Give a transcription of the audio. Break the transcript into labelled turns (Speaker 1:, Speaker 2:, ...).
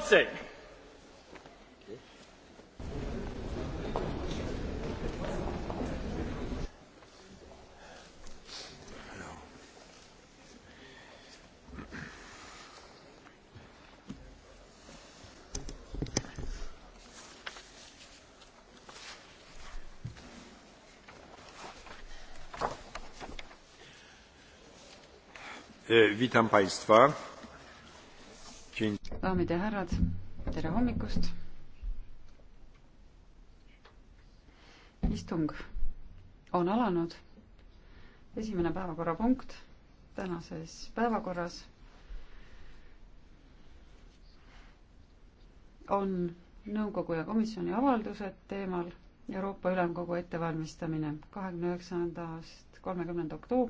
Speaker 1: przewodniczący!
Speaker 2: witam państwa
Speaker 3: daamid ja härrad, tere hommikust. istung on alanud. esimene päevakorrapunkt tänases päevakorras on nõukogu ja komisjoni avaldused teemal Euroopa Ülemkogu ettevalmistamine kahekümne üheksandast
Speaker 4: kolmekümnenda oktoobrini.